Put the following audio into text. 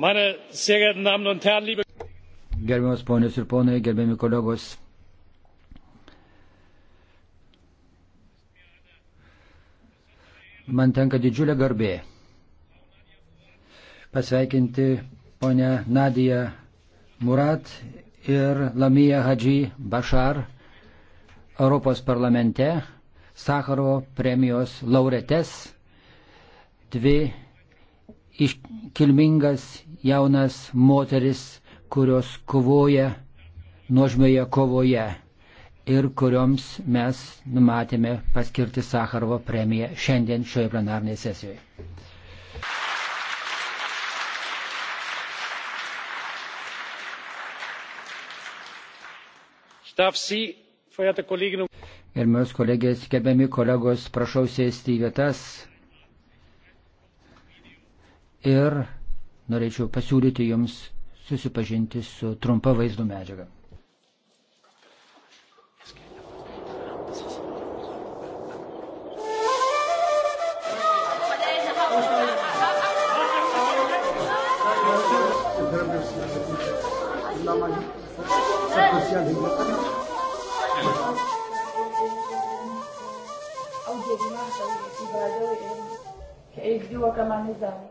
Meine sehr geehrten Damen und Herren, liebe Gerbiamas ponios ir ponai, gerbiami kolegos. Man tenka didžiulė garbė pasveikinti ponę Nadiją Murat ir Lamiją Hadži Bashar Europos parlamente Sakharovo premijos lauretes dvi iškilmingas jaunas moteris, kurios kovoja nuožmėje kovoje ir kurioms mes numatėme paskirti Sakarovo premiją šiandien šioje plenarnėje sesijoje. Gerbiamas kolegės, gerbiami kolegos, prašau sėsti į vietas ir norėčiau pasiūlyti jums susipažinti su trumpa vaizdo medžiaga. Audio dimanche, il va dove? Che è il duo che mangiamo.